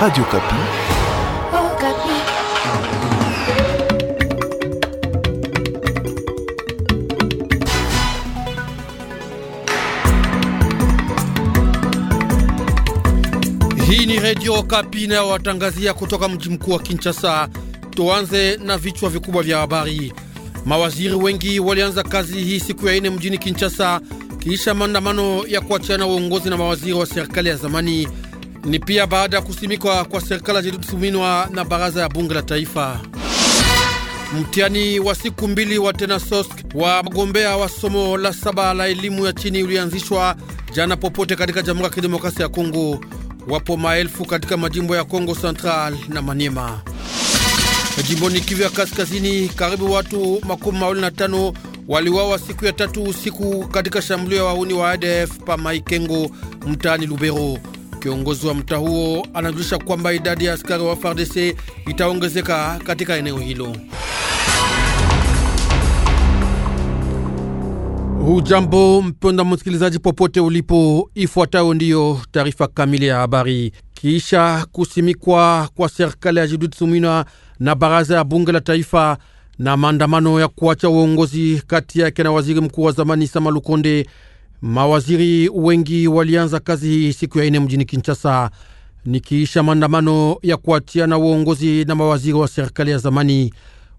Radio Kapi. Oh, Kapi. Hii ni Radio Kapi na watangazia kutoka mji mkuu wa Kinshasa. Tuanze na vichwa vikubwa vya habari. Mawaziri wengi walianza kazi hii siku ya ine mjini Kinshasa kisha maandamano ya kuachana uongozi na mawaziri wa serikali ya zamani. Ni pia baada ya kusimikwa kwa serikali ya Suminwa na baraza ya bunge la taifa. Mtihani wa siku mbili wa TENASOSK wa mgombea wa somo la saba la elimu ya chini ulianzishwa jana popote katika Jamhuri ya Kidemokrasia ya Kongo. Wapo maelfu katika majimbo ya Kongo Central na Maniema. Jimboni Kivu ya Kaskazini, karibu watu makumi mawili na tano waliwawa siku ya tatu usiku katika shambulio ya wahuni wa ADF pa Maikengo mtaani Lubero. Kiongozi wa mtaa huo anajulisha kwamba idadi ya askari wa FARDC itaongezeka katika eneo hilo. Hujambo mpenda msikilizaji, popote ulipo, ifuatayo ndiyo taarifa kamili ya habari. Kisha kusimikwa kwa serikali ya Judith Suminwa na baraza ya bunge la taifa na maandamano ya kuacha uongozi kati yake na waziri mkuu wa zamani Sama Lukonde Mawaziri wengi walianza kazi hii siku ya ine mjini Kinshasa, nikiisha maandamano ya na uongozi na mawaziri wa serikali ya zamani.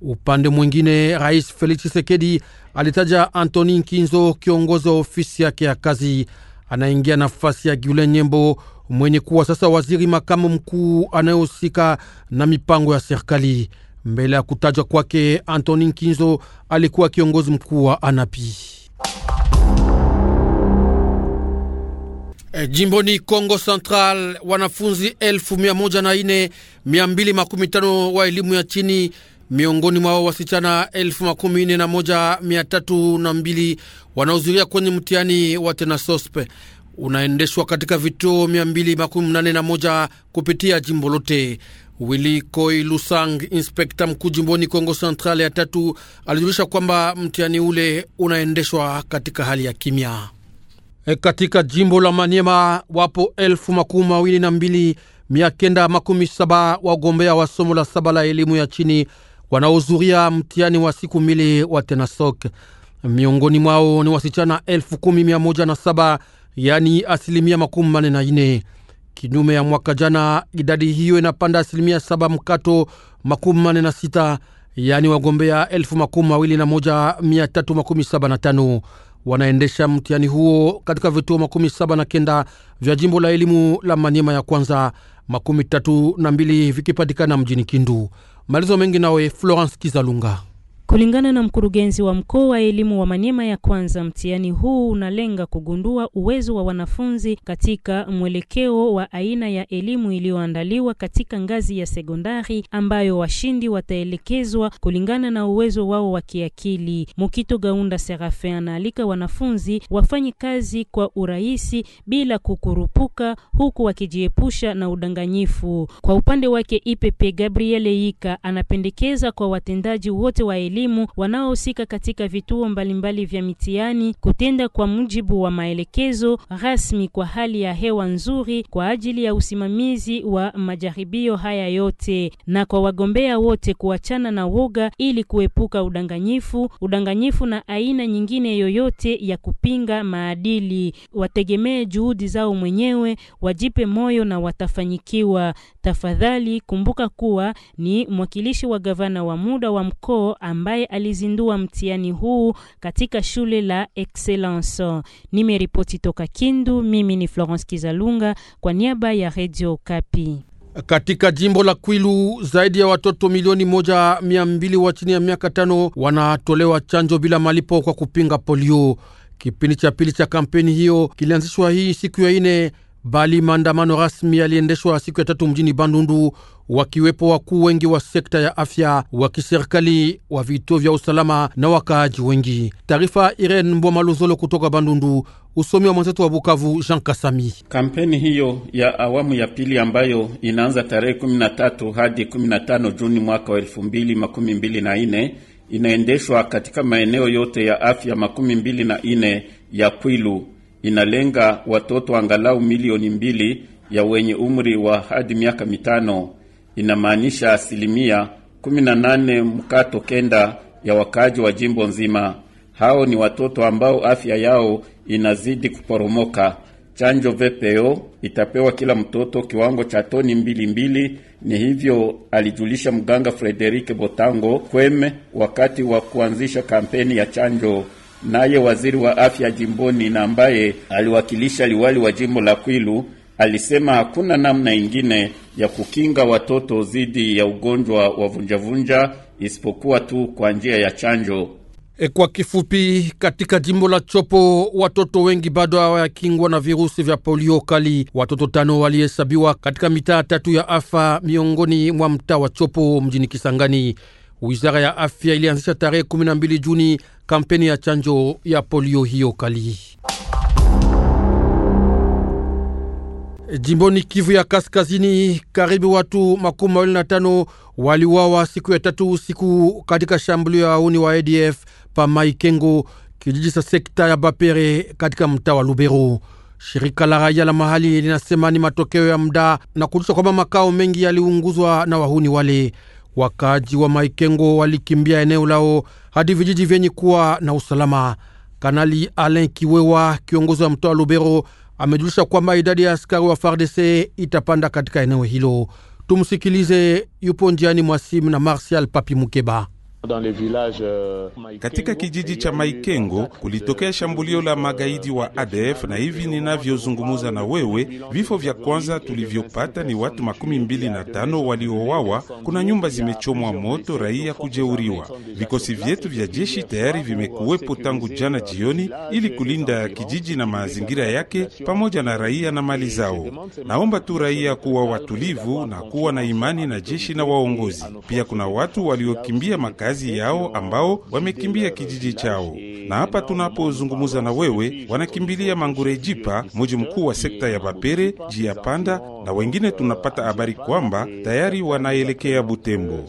Upande mwingine, Rais Felix Tshisekedi alitaja Antoni Nkinzo, kiongozi wa ofisi yake ya kazi, anaingia nafasi ya Gulen Nyembo mwenye kuwa sasa waziri makamu mkuu anayehusika na mipango ya serikali. Mbele ya kutajwa kwake, Antoni Nkinzo alikuwa kiongozi mkuu wa ANAPI. E, jimboni Kongo Central wanafunzi elfu wa elimu ya chini miongoni mwao wasichana elfu wanaohudhuria kwenye mtihani wa tenasospe unaendeshwa katika vituo 281 moja kupitia jimbo lote. willi Koi Lusang, inspekta mkuu jimboni Kongo Central ya tatu, alijulisha kwamba mtihani ule unaendeshwa katika hali ya kimya. Eh, katika jimbo la Maniema wapo elfu makumi mawili na mbili mia kenda makumi saba wagombea wa somo la saba la elimu ya chini wanaohudhuria mtihani wa siku mbili wa TENASOK. Miongoni mwao ni wasichana elfu kumi mia moja na saba yaani asilimia makumi manne na nne kinyume ya mwaka jana. Idadi hiyo inapanda asilimia saba mkato makumi manne na sita yaani wagombea elfu makumi mawili na moja mia tatu makumi saba na tano wanaendesha mtihani huo katika vituo makumi saba na kenda vya jimbo la elimu la Manyema ya kwanza, makumi tatu na mbili vikipatikana mjini Kindu. Maelezo mengi nawe Florence Kizalunga. Kulingana na mkurugenzi wa mkoa wa elimu wa Maniema ya kwanza, mtihani huu unalenga kugundua uwezo wa wanafunzi katika mwelekeo wa aina ya elimu iliyoandaliwa katika ngazi ya sekondari, ambayo washindi wataelekezwa kulingana na uwezo wao wa kiakili. Mukito Gaunda Serafin anaalika wanafunzi wafanye kazi kwa urahisi bila kukurupuka, huku wakijiepusha na udanganyifu. Kwa upande wake, IPP Gabriel Yika anapendekeza kwa watendaji wote wa elimu elimu wanaohusika katika vituo mbalimbali vya mitihani kutenda kwa mujibu wa maelekezo rasmi kwa hali ya hewa nzuri kwa ajili ya usimamizi wa majaribio haya yote, na kwa wagombea wote kuachana na woga ili kuepuka udanganyifu, udanganyifu na aina nyingine yoyote ya kupinga maadili. Wategemee juhudi zao mwenyewe, wajipe moyo na watafanyikiwa. Tafadhali kumbuka kuwa ni mwakilishi wa gavana wa muda wa mkoa amba ambaye alizindua mtihani huu katika shule la Excellence. Nimeripoti toka Kindu, mimi ni Florence Kizalunga kwa niaba ya Radio Kapi. Katika jimbo la Kwilu zaidi ya watoto milioni moja mia mbili wa chini ya miaka tano wanatolewa chanjo bila malipo kwa kupinga polio. Kipindi cha pili cha kampeni hiyo kilianzishwa hii siku ya ine bali maandamano rasmi yaliendeshwa siku ya tatu mjini Bandundu, wakiwepo wakuu wengi wa sekta ya afya, wa kiserikali, wa vituo vya usalama na wakaaji wengi. Taarifa Irene Mbomaluzolo kutoka Bandundu, usomi wa mwenzetu wa Bukavu, Jean Kasami. Kampeni hiyo ya awamu ya pili ambayo inaanza tarehe 13 hadi 15 Juni mwaka wa 2024 inaendeshwa katika maeneo yote ya afya 24 ya Kwilu inalenga watoto angalau milioni mbili ya wenye umri wa hadi miaka mitano. Inamaanisha asilimia 18 mkato kenda ya wakaaji wa jimbo nzima. Hao ni watoto ambao afya yao inazidi kuporomoka. Chanjo VPO itapewa kila mtoto kiwango cha toni mbili mbili. Ni hivyo alijulisha mganga Frederike Botango Kweme wakati wa kuanzisha kampeni ya chanjo. Naye waziri wa afya jimboni na ambaye aliwakilisha liwali wa jimbo la Kwilu alisema hakuna namna ingine ya kukinga watoto dhidi ya ugonjwa wa vunjavunja isipokuwa tu kwa njia ya chanjo. E, kwa kifupi, katika jimbo la Chopo watoto wengi bado hawayakingwa na virusi vya polio kali. Watoto tano walihesabiwa katika mitaa tatu ya afa miongoni mwa mtaa wa Chopo mjini Kisangani. Wizara ya afya ilianzisha tarehe 12 Juni kampeni ya chanjo ya polio hiyo kali. Jimboni Kivu ya Kaskazini, karibu watu makumi mawili na tano waliuawa siku ya tatu usiku katika shambulio ya wauni wa ADF pa Maikengo, kijiji cha sekta ya Bapere katika mtaa wa Lubero. Shirika la raia la mahali linasema ni matokeo ya muda na kujulisha kwamba makao mengi yaliunguzwa na wahuni wale. Wakaaji wa Maikengo walikimbia eneo lao hadi vijiji vyenye kuwa na usalama. Kanali Alain Kiwewa, kiongozi wa mtoa Lubero, amejulisha kwamba idadi ya askari wa FARDC itapanda katika eneo hilo. Tumsikilize, yupo njiani mwa simu na Martial Papi Mukeba. Katika kijiji cha Maikengo kulitokea shambulio la magaidi wa ADF, na hivi ninavyozungumza na wewe, vifo vya kwanza tulivyopata ni watu makumi mbili na tano waliowawa. Kuna nyumba zimechomwa moto, raia kujeuriwa. Vikosi vyetu vya jeshi tayari vimekuwepo tangu jana jioni, ili kulinda kijiji na mazingira yake pamoja na raia na mali zao. Naomba tu raia kuwa watulivu na kuwa na imani na jeshi na waongozi. Pia kuna watu waliokimbia maka makazi yao ambao wamekimbia kijiji chao, na hapa tunapozungumza na wewe wanakimbilia Mangurejipa, mji mkuu wa sekta ya Bapere, Jia Panda, na wengine tunapata habari kwamba tayari wanaelekea Butembo.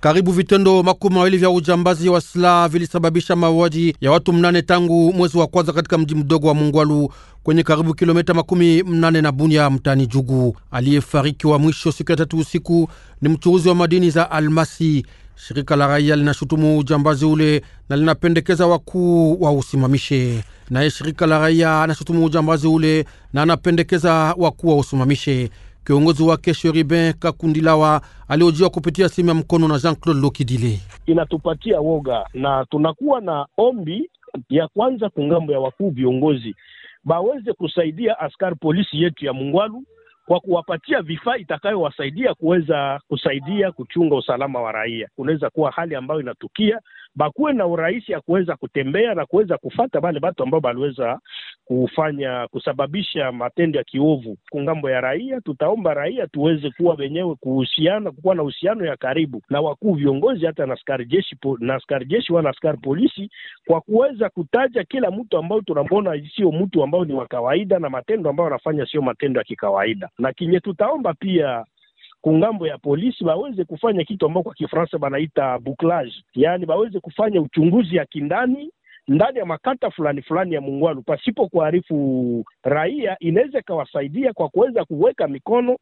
Karibu vitendo makumi mawili vya ujambazi wa silaha vilisababisha mauaji ya watu mnane tangu mwezi wa kwanza katika mji mdogo wa Mungwalu kwenye karibu kilomita makumi mnane na Bunya mtani Jugu. Aliyefarikiwa mwisho siku ya tatu usiku ni mchuuzi wa madini za almasi. Shirika la raia linashutumu ujambazi ule na linapendekeza wakuu wa usimamishe. Naye shirika la raia anashutumu ujambazi ule na anapendekeza wakuu wa usimamishe. Kiongozi wake Sheribin Kakundilawa aliojiwa kupitia simu ya mkono na Jean Claude Lokidile. Inatupatia woga na tunakuwa na ombi ya kwanza kungambo ya wakuu viongozi baweze kusaidia askari polisi yetu ya Mungwalu kwa kuwapatia vifaa itakayowasaidia kuweza kusaidia kuchunga usalama wa raia. Kunaweza kuwa hali ambayo inatukia bakuwe na urahisi ya kuweza kutembea na kuweza kufata vale batu ambao baliweza kufanya kusababisha matendo ya kiovu kungambo ya raia. Tutaomba raia tuweze kuwa wenyewe kuhusiana, kukuwa na uhusiano ya karibu na wakuu viongozi, hata na askari jeshi na askari jeshi wala askari polisi, kwa kuweza kutaja kila mtu ambao tunamwona sio mtu ambao ni wa kawaida, na matendo ambayo anafanya sio matendo ya kikawaida. Na kinye tutaomba pia kungambo ya polisi baweze kufanya kitu ambao kwa Kifaransa banaita bouclage, yaani baweze kufanya uchunguzi ya kindani ndani ya makata fulani fulani ya Mungwalu pasipo kuharifu raia, inaweza ikawasaidia kwa kuweza kuweka mikono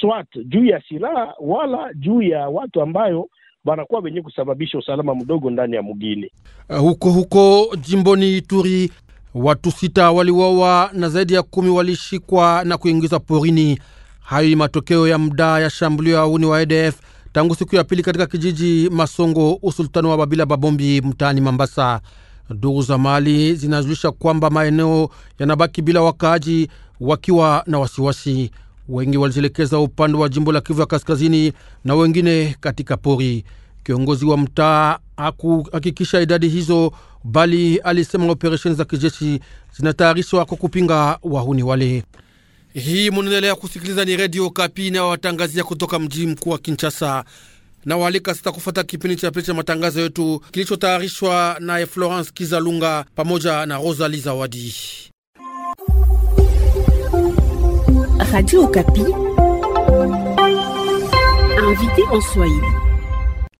swat juu ya silaha wala juu ya watu ambayo wanakuwa wenye kusababisha usalama mdogo ndani ya mgini Uh, huko huko jimboni Ituri watu sita waliwawa na zaidi ya kumi walishikwa na kuingizwa porini. Hayo ni matokeo ya mdaa ya shambulio ya wauni wa ADF tangu siku ya pili katika kijiji Masongo, usultani wa Babila Babombi, mtaani Mambasa. Ndugu za mali zinajulisha kwamba maeneo yanabaki bila wakaaji wakiwa na wasiwasi. Wengi walizielekeza upande wa jimbo la Kivu ya Kaskazini na wengine katika pori. Kiongozi wa mtaa hakuhakikisha idadi hizo, bali alisema operesheni za kijeshi zinatayarishwa kwa kupinga wahuni wale. Hii munaendelea kusikiliza, ni Redio Kapi inayowatangazia kutoka mji mkuu wa Kinshasa na waalika sasa kufata kipindi cha pili cha matangazo yetu kilichotayarishwa na Florence Kizalunga pamoja na Rosalie Zawadi.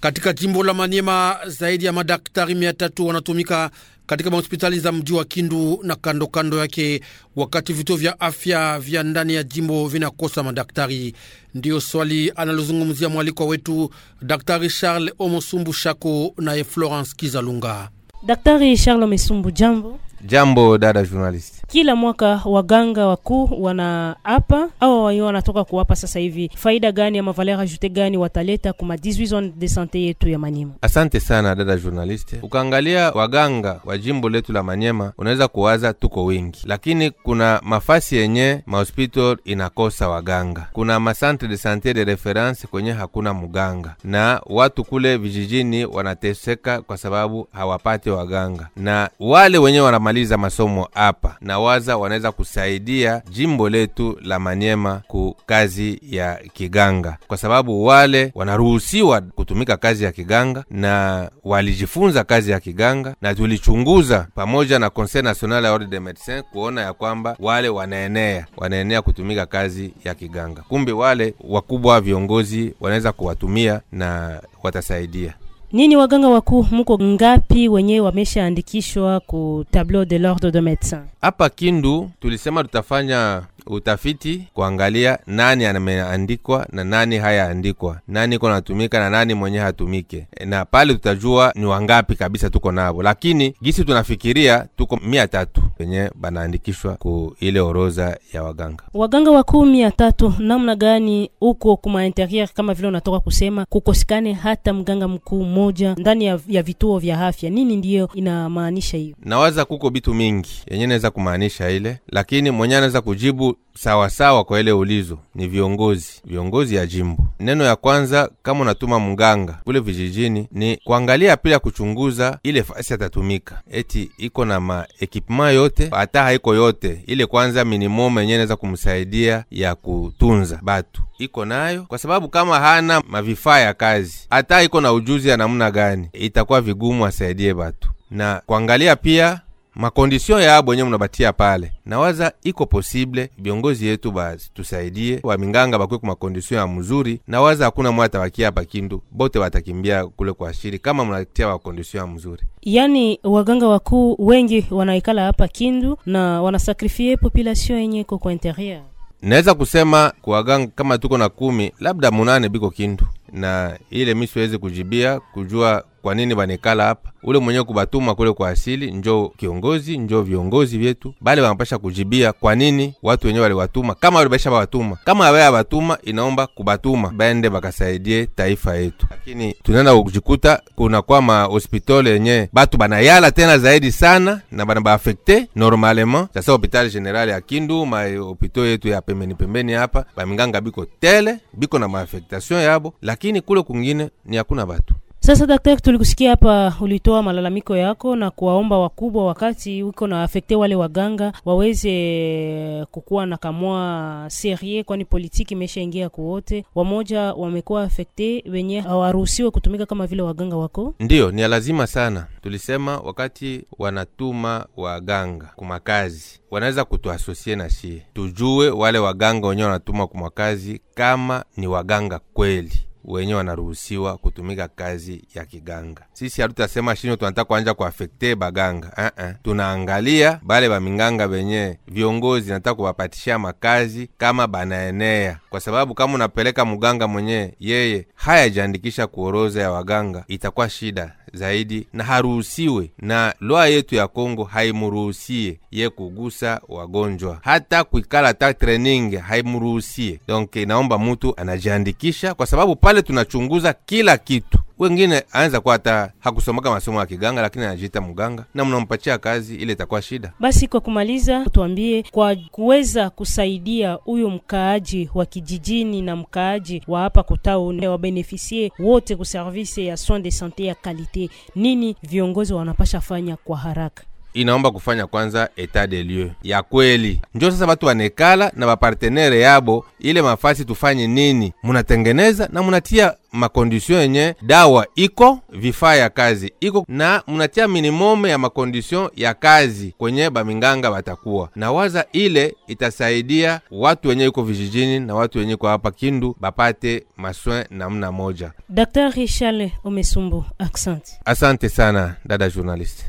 Katika jimbo la manyema zaidi ya madaktari mia tatu wanatumika katika mahospitali za mji wa Kindu na kandokando kando yake, wakati vituo vya afya vya ndani ya jimbo vinakosa madaktari. Ndiyo swali analozungumzia mwalikwa wetu Daktari Charles Omosumbu Shako naye Florence Kizalunga. Daktari Charles Omosumbu, jambo. Jambo dada journalist. Kila mwaka waganga wakuu wanaapa au wao wanatoka kuwapa sasa hivi, faida gani ama valeur ajoute gani wataleta kuma 18 zone de sante yetu ya Manyema? Asante sana dada journalist. Ukaangalia waganga wa jimbo letu la Manyema, unaweza kuwaza tuko wingi lakini kuna mafasi yenye mahospital inakosa waganga, kuna macentre de sante de reference kwenye hakuna muganga, na watu kule vijijini wanateseka kwa sababu hawapate waganga na wale wenye wana kumaliza masomo hapa, na waza wanaweza kusaidia jimbo letu la manyema ku kazi ya kiganga, kwa sababu wale wanaruhusiwa kutumika kazi ya kiganga na walijifunza kazi ya kiganga, na tulichunguza pamoja na Conseil National ya Ordre des Medecins kuona ya kwamba wale wanaenea wanaenea kutumika kazi ya kiganga. Kumbe wale wakubwa viongozi wanaweza kuwatumia na watasaidia nini waganga wakuu mko ngapi wenye wameshaandikishwa ku tableau de l'ordre de médecin? Hapa Kindu tulisema tutafanya utafiti kuangalia nani ameandikwa na nani hayaandikwa, nani iko natumika na nani mwenye hatumike, e, na pale tutajua ni wangapi kabisa tuko navo. Lakini gisi tunafikiria tuko mia tatu wenye banaandikishwa ku ile oroza ya waganga. Waganga wakuu mia tatu, namna gani huko kumainterier kama vile unatoka kusema kukosekane hata mganga mkuu mmoja ndani ya, ya vituo vya afya? Nini ndiyo inamaanisha hiyo? Nawaza kuko bitu mingi yenye naweza kumaanisha ile, lakini mwenye anaweza kujibu sawasawa sawasawa kwa ile ulizo ni viongozi, viongozi ya jimbo. Neno ya kwanza, kama unatuma mganga kule vijijini, ni kuangalia pia kuchunguza ile fasi atatumika, eti iko na maekipema yote hata haiko yote ile. Kwanza minimum yenyewe inaweza kumsaidia ya kutunza batu iko nayo, kwa sababu kama hana mavifaa ya kazi, hata iko na ujuzi ya namna gani, itakuwa vigumu asaidie batu na kuangalia pia makondisio ya bwenye munabatia pale, nawaza iko posible viongozi yetu bazi tusaidie waminganga bakwe ku makondisio ya mzuri. Nawaza hakuna mwata wakia hapa Kindu, bote watakimbia kule kwa shiri kama munatia makondisio ya mzuri. Yani waganga wakuu wengi wanaikala hapa Kindu na wanasakrifie population yenye iko kwa interieur. Naweza kusema kuwaganga kama tuko na kumi labda munane biko Kindu, na ile misiwezi kujibia kujua kwa nini banekala hapa? Ule mwenye kubatuma kule kwa asili njo kiongozi, njo viongozi vyetu bale wanapasha kujibia kwa nini watu wenyewe waliwatuma, kama walibaisha bawatuma. Kama abaya batuma, inaomba kubatuma bende bakasaidie taifa yetu, lakini tunaenda kujikuta kuna kwa ma hospitali yenye batu banayala tena zaidi sana na bana baafekte normalement. Sasa hospitali general ya Kindu, ma hospitali yetu ya pembeni pembeni hapa, baminganga biko tele biko na maafektation yabo, lakini kule kungine ni hakuna batu sasa daktari, tulikusikia hapa, ulitoa malalamiko yako na kuwaomba wakubwa, wakati wiko na afekte wale waganga waweze eh, kukuwa na kamwa serie, kwani politiki imeshaingia kuwote. Wamoja wamekuwa afekte wenye hawaruhusiwe kutumika kama vile waganga wako. Ndiyo, ni lazima sana. Tulisema wakati wanatuma waganga kumakazi wanaweza kutuasosie na shie, tujue wale waganga wenyewe wanatuma kumakazi kama ni waganga kweli wenye wanaruhusiwa kutumika kazi ya kiganga. Sisi hatutasema shinyo tunataka kuanja kuafekte baganga uh -uh. Tunaangalia bale baminganga benye viongozi nataka kuwapatishia makazi kama banaenea, kwa sababu kama unapeleka muganga mwenye yeye hayajaandikisha kuoroza ya waganga, itakuwa shida zaidi na haruhusiwe, na loa yetu ya Kongo haimuruhusie ye kugusa wagonjwa, hata kuikala ta training haimuruhusie. Donc naomba mutu anajiandikisha, kwa sababu pale tunachunguza kila kitu. Wengine anza kuwa hata hakusomaka masomo ya kiganga, lakini anajiita mganga na mnampatia kazi ile itakuwa shida. Basi kwa kumaliza, tuambie kwa kuweza kusaidia huyo mkaaji wa kijijini na mkaaji wa hapa wa wabenefisie wote service ya soin de sante ya kalite, nini viongozi wanapasha fanya kwa haraka? inaomba kufanya kwanza etat de lieu ya kweli, njo sasa batu banekala na bapartenere yabo ile mafasi tufanye nini, munatengeneza na munatia makondisio yenye dawa iko vifaa ya kazi iko na munatia minimum ya makondisio ya kazi kwenye baminganga batakuwa na waza, ile itasaidia watu wenye iko vijijini na watu wenye kwa hapa Kindu bapate maswin namna moja. Dr. Richard Omesumbu, asante. Asante sana dada journalist.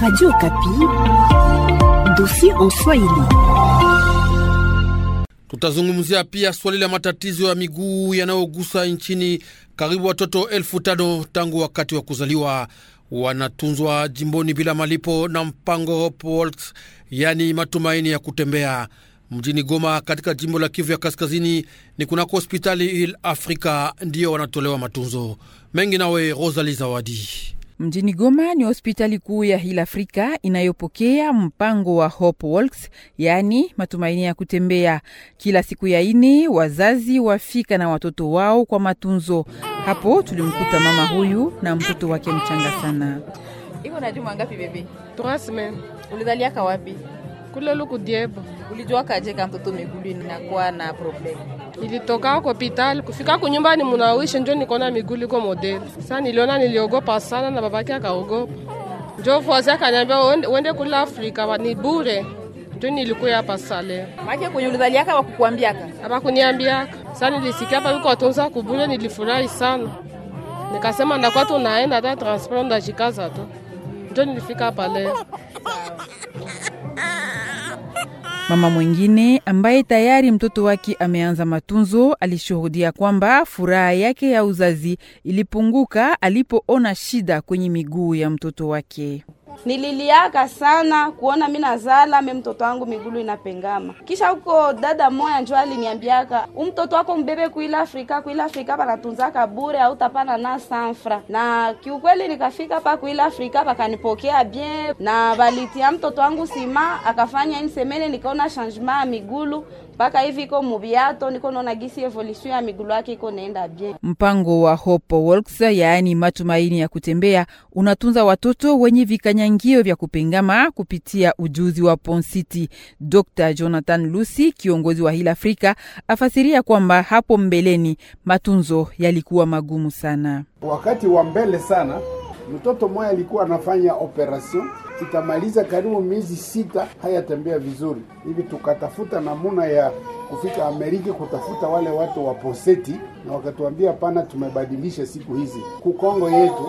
Radio en Swahili. Tutazungumzia pia swali la matatizo ya miguu yanayogusa nchini karibu watoto elfu tano tangu wakati wa kuzaliwa wanatunzwa jimboni bila malipo na mpango Hope Walks, yaani matumaini ya kutembea mjini Goma katika jimbo la Kivu ya Kaskazini. Ni kunako hospitali Il Africa ndiyo wanatolewa matunzo mengi nawe Rosali Zawadi. Mjini Goma ni hospitali kuu ya Hill Africa inayopokea mpango wa Hope Walks, yaani matumaini ya kutembea. Kila siku ya ini wazazi wafika na watoto wao kwa matunzo. Hapo tulimkuta mama huyu na mtoto wake mchanga sana. Iko na juma ngapi bebe? semaines. Ulizaliaka wapi? kule Lukudiebo. Ulijua kaje kama mtoto miguu inakuwa na problem? Ilitoka kwa hospitali kufika kwa ku nyumbani munawishe njo nikaona miguu liko modeli. Sasa niliona niliogopa sana na babake akaogopa. Njo fuazi akaniambia uende kule Afrika ni bure. Njo nilikuya hapa sale. Maki kwenye ulizaliaka wakukuambiaka? Abakuniambiaka. Sasa nilisikia hapa yuko watunza kubule nilifurahi sana. Nikasema ndakuwa tunaenda hata transport ndajikaza tu. Njo nilifika hapa leo. Mama mwingine ambaye tayari mtoto wake ameanza matunzo alishuhudia kwamba furaha yake ya uzazi ilipunguka alipoona shida kwenye miguu ya mtoto wake nililiaka sana kuona mi nazala me mtoto wangu migulu inapengama. Kisha huko dada moya njo aliniambiaka umtoto wako mbebe kuila Afrika, kuila Afrika panatunzaka bure au tapana na sanfra. Na kiukweli nikafika pa kuila Afrika pakanipokea bien, na balitia mtoto wangu sima akafanya insemene, nikaona changement ya migulu mpaka hivi iko mubiato, niko naona gisi evolution ya migulu yake iko naenda bien. Mpango wa Hope Walks, yaani matumaini ya kutembea, unatunza watoto wenye vikanyangio vya kupengama kupitia ujuzi wa Ponsiti. Dr Jonathan Lucy, kiongozi wa Hill afrika afasiria kwamba hapo mbeleni matunzo yalikuwa magumu sana, wakati wa mbele sana Mtoto mmoja alikuwa anafanya operation itamaliza karibu miezi sita, hayatembea vizuri hivi. Tukatafuta namuna ya kufika Amerika kutafuta wale watu wa poseti, na wakatuambia pana, tumebadilisha siku hizi kukongo yetu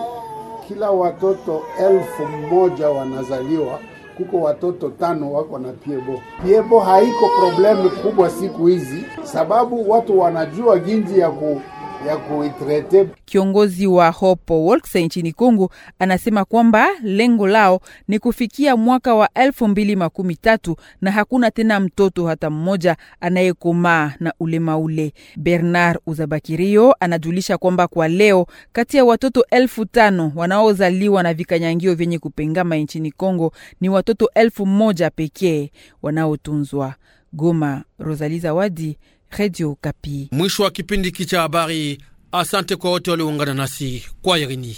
kila watoto elfu moja wanazaliwa kuko watoto tano wako na piebo. Piebo haiko problemu kubwa siku hizi, sababu watu wanajua ginji ya ku ya kuitrete. Kiongozi wa Hope Works nchini Kongo anasema kwamba lengo lao ni kufikia mwaka wa elfu mbili makumi tatu na hakuna tena mtoto hata mmoja anayekomaa na ulema ule. Bernard Uzabakirio anajulisha kwamba kwa leo kati ya watoto elfu tano wanaozaliwa na vikanyangio vyenye kupengama nchini Kongo ni watoto elfu moja pekee wanaotunzwa. Goma, Rosalie Zawadi, Radio Kapi. Mwisho wa kipindi hiki cha habari. Asante kwa wote walioungana nasi kwa Irini.